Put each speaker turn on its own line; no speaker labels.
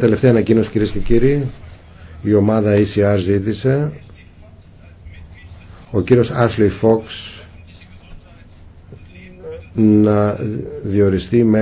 Τελευταία ανακοίνωση κυρίε και κύριοι. Η ομάδα ECR ζήτησε ο κύριος Άσλι Φόξ
να διοριστεί με